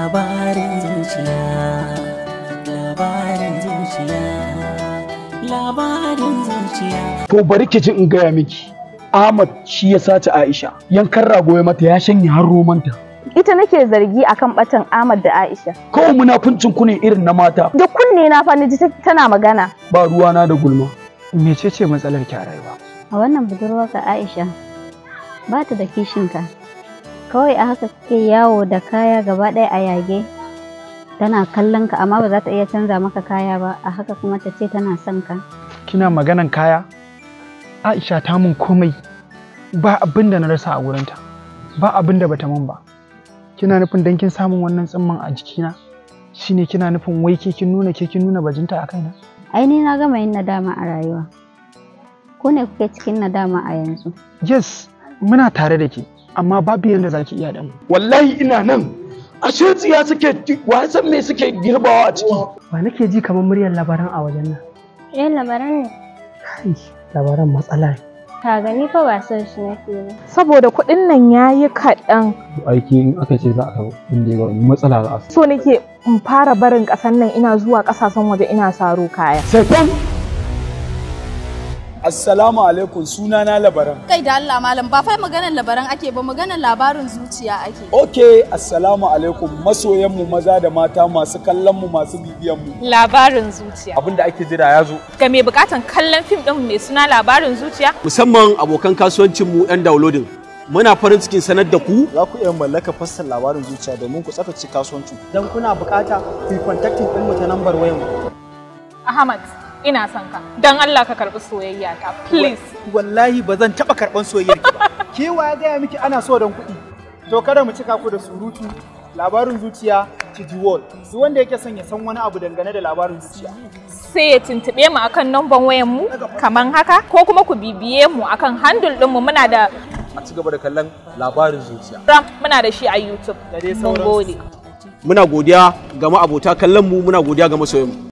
labarin zuciya labarin zuciya labarin zuciya to bari ki ji in gaya miki Ahmad shi ya sace Aisha yankan rago ya mata ya shanye har romanta ita nake zargi akan batan Ahmad da Aisha kawai munafuncin ku ne irin na mata da kunne na fa ji tana magana ba ruwa na da gulma mecece matsalar ki a rayuwa a wannan budurwarka Aisha ba ta da kishinka kawai a haka suke yawo da kaya gaba ɗaya a yage tana kallon ka amma ba za ta iya canza maka kaya ba a haka kuma ta ce tana son ka kina maganan kaya aisha ta mun komai ba abin da na rasa a wurinta ba abin da bata mun ba kina nufin dan kin samun wannan tsimman a jikina shine kina nufin wai ke kin nuna ke kin nuna bajinta a kaina ai ni na gama yin nadama a rayuwa ku ne kuke cikin nadama a yanzu yes muna tare da ke amma babu yadda za ki iya da mu wallahi ina nan ashe tsiya suke wasan me suke girbawa a ciki ba nake ji kamar muryar labaran a wajen nan eh labaran ne kai labaran matsala ne ka gani fa ba son shi nake ba saboda kuɗin nan yayi kaɗan aiki in aka ce za a inda ba matsala za a so nake in fara barin ƙasar nan ina zuwa ƙasashen waje ina saro kaya sai Assalamu alaikum suna na labaran. Kai da Allah malam ba fa maganar labaran ake ba maganar labarin zuciya ake. Ok assalamu alaikum masoyan maza da mata masu kallon masu bibiyan Labarin zuciya. Abin da ake jira ya zo. Ga mai bukatan kallon fim din mai suna labarin zuciya. Musamman abokan kasuwancin mu yan downloading. Muna farin cikin sanar da ku. Za ku iya mallaka fassar labarin zuciya domin ku tsaftace kasuwancin. Dan kuna bukata ku yi contacting ɗinmu ta lambar wayar mu. Ahmad. ina son ka dan Allah ka karɓi soyayya ta please wallahi ba zan taba karban soyayyar ki ba ke ya gaya miki ana so dan kuɗi to kada mu cika ku da surutu labarin zuciya ki the world duk wanda yake son ya san wani abu dangane da labarin zuciya sai ya tuntuɓe mu akan namban wayan mu kaman haka ko kuma ku bibiye mu akan handle ɗin mu muna da a ci gaba da kallon labarin zuciya muna da shi a YouTube dai sauransu muna godiya ga ma'abota kallon mu muna godiya ga masoyan mu